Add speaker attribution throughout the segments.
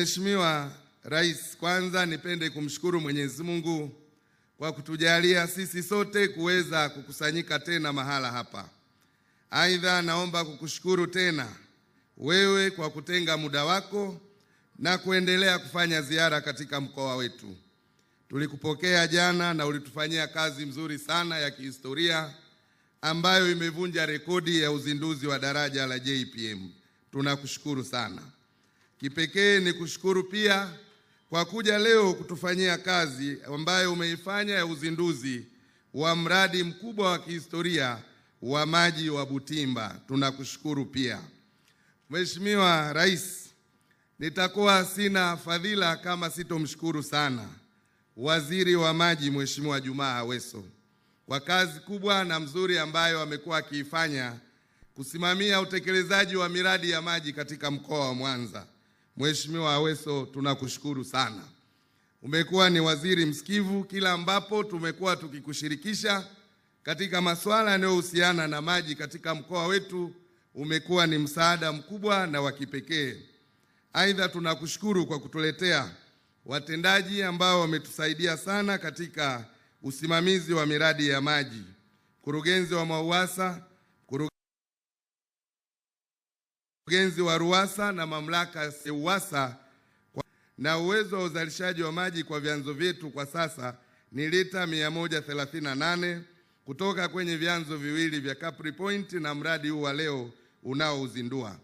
Speaker 1: Mheshimiwa Rais, kwanza nipende kumshukuru Mwenyezi Mungu kwa kutujalia sisi sote kuweza kukusanyika tena mahala hapa. Aidha, naomba kukushukuru tena wewe kwa kutenga muda wako na kuendelea kufanya ziara katika mkoa wetu. Tulikupokea jana na ulitufanyia kazi mzuri sana ya kihistoria ambayo imevunja rekodi ya uzinduzi wa daraja la JPM. Tunakushukuru sana. Kipekee ni kushukuru pia kwa kuja leo kutufanyia kazi ambayo umeifanya ya uzinduzi wa mradi mkubwa wa kihistoria wa maji wa Butimba. Tunakushukuru pia Mheshimiwa Rais. Nitakuwa sina fadhila kama sitomshukuru sana Waziri wa Maji Mheshimiwa Jumaa Aweso kwa kazi kubwa na mzuri ambayo amekuwa akiifanya kusimamia utekelezaji wa miradi ya maji katika mkoa wa Mwanza. Mheshimiwa Aweso, tunakushukuru sana. Umekuwa ni waziri msikivu kila ambapo tumekuwa tukikushirikisha katika masuala yanayohusiana na maji katika mkoa wetu, umekuwa ni msaada mkubwa na wa kipekee. Aidha, tunakushukuru kwa kutuletea watendaji ambao wametusaidia sana katika usimamizi wa miradi ya maji, mkurugenzi wa MWAUWASA Mkurugenzi wa RUWASA na mamlaka ya SEUWASA na uwezo wa uzalishaji wa maji kwa vyanzo vyetu kwa sasa ni lita 138 kutoka kwenye vyanzo viwili vya Capri Point na mradi huu wa leo unaouzindua.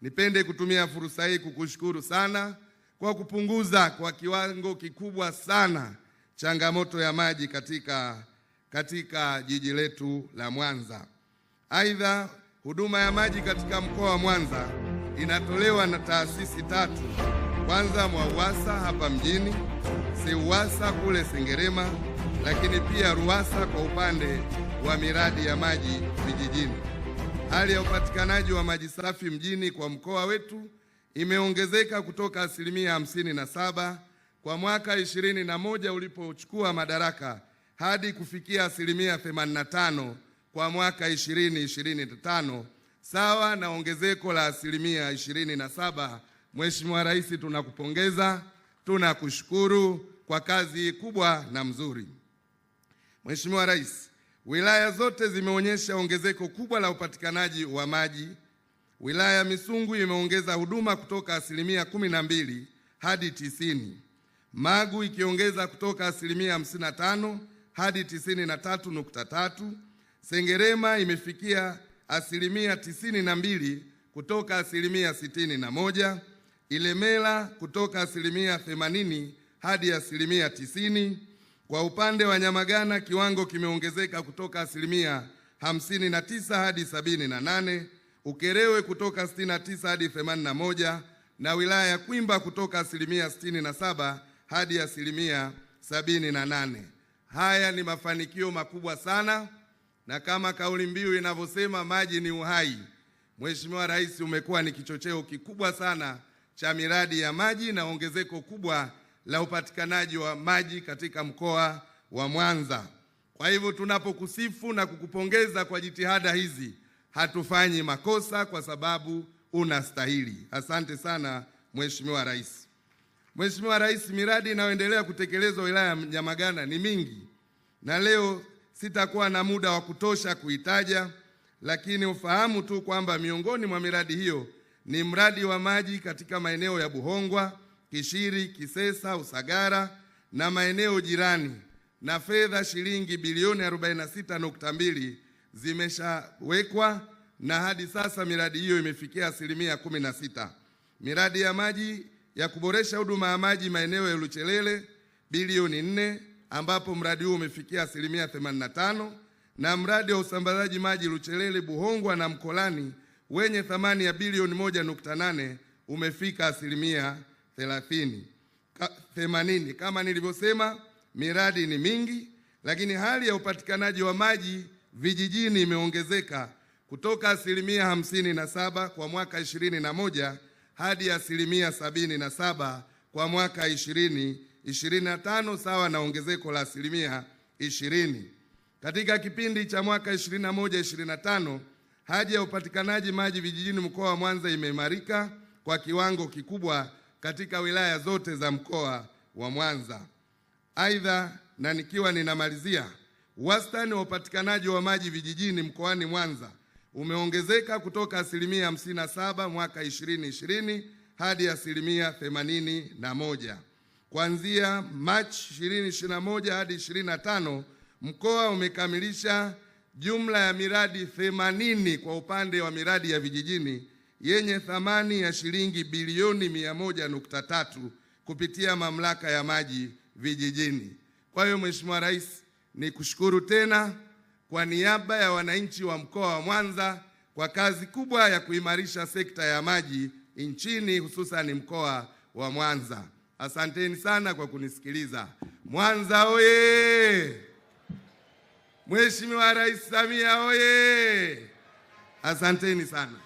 Speaker 1: Nipende kutumia fursa hii kukushukuru sana kwa kupunguza kwa kiwango kikubwa sana changamoto ya maji katika, katika jiji letu la Mwanza. Aidha, Huduma ya maji katika mkoa wa Mwanza inatolewa na taasisi tatu. Kwanza MWAUWASA hapa mjini, SEUWASA kule Sengerema, lakini pia RUWASA kwa upande wa miradi ya maji vijijini. Hali ya upatikanaji wa maji safi mjini kwa mkoa wetu imeongezeka kutoka asilimia hamsini na saba kwa mwaka ishirini na moja ulipochukua madaraka hadi kufikia asilimia themanini na tano kwa mwaka 2025 sawa na ongezeko la asilimia 27. Mheshimiwa Rais, tunakupongeza, tunakushukuru kwa kazi kubwa na mzuri. Mheshimiwa Rais, wilaya zote zimeonyesha ongezeko kubwa la upatikanaji wa maji. Wilaya ya Misungu imeongeza huduma kutoka asilimia 12 hadi 90, Magu ikiongeza kutoka asilimia 55 hadi 93.3 Sengerema imefikia asilimia tisini na mbili kutoka asilimia sitini na moja Ilemela kutoka asilimia themanini hadi asilimia tisini Kwa upande wa Nyamagana kiwango kimeongezeka kutoka asilimia hamsini na tisa hadi sabini na nane Ukerewe kutoka sitini na tisa hadi themanini na moja na wilaya ya Kwimba kutoka asilimia sitini na saba hadi asilimia sabini na nane Haya ni mafanikio makubwa sana na kama kauli mbiu inavyosema maji ni uhai, Mheshimiwa Rais, umekuwa ni kichocheo kikubwa sana cha miradi ya maji na ongezeko kubwa la upatikanaji wa maji katika mkoa wa Mwanza. Kwa hivyo tunapokusifu na kukupongeza kwa jitihada hizi, hatufanyi makosa kwa sababu unastahili. Asante sana Mheshimiwa Rais. Mheshimiwa Rais, miradi inayoendelea kutekelezwa wilaya ya Nyamagana ni mingi na leo Sitakuwa na muda wa kutosha kuitaja, lakini ufahamu tu kwamba miongoni mwa miradi hiyo ni mradi wa maji katika maeneo ya Buhongwa, Kishiri, Kisesa, Usagara na maeneo jirani, na fedha shilingi bilioni 46.2 zimeshawekwa na hadi sasa miradi hiyo imefikia asilimia 16. Miradi ya maji ya kuboresha huduma ya maji maeneo ya Luchelele bilioni 4 ambapo mradi huu umefikia asilimia 85 na mradi wa usambazaji maji Luchelele, Buhongwa na Mkolani wenye thamani ya bilioni 1.8 umefika asilimia 30 80. Kama nilivyosema, miradi ni mingi, lakini hali ya upatikanaji wa maji vijijini imeongezeka kutoka asilimia hamsini na saba kwa mwaka ishirini na moja hadi asilimia sabini na saba kwa mwaka ishirini 25 sawa na ongezeko la asilimia 20. Katika kipindi cha mwaka 21 25 haja ya upatikanaji maji vijijini mkoa wa Mwanza imeimarika kwa kiwango kikubwa katika wilaya zote za mkoa wa Mwanza. Aidha, na nikiwa ninamalizia, wastani wa upatikanaji wa maji vijijini mkoani Mwanza umeongezeka kutoka asilimia 57 mwaka 2020 hadi asilimia 81. Kuanzia Machi 2021 hadi 25, mkoa umekamilisha jumla ya miradi 80 kwa upande wa miradi ya vijijini yenye thamani ya shilingi bilioni 100.3 kupitia mamlaka ya maji vijijini. Kwa hiyo Mheshimiwa Rais, ni kushukuru tena kwa niaba ya wananchi wa mkoa wa Mwanza kwa kazi kubwa ya kuimarisha sekta ya maji nchini hususan mkoa wa Mwanza. Asanteni sana kwa kunisikiliza. Mwanza oye! Mheshimiwa Rais Samia oye! Asanteni sana.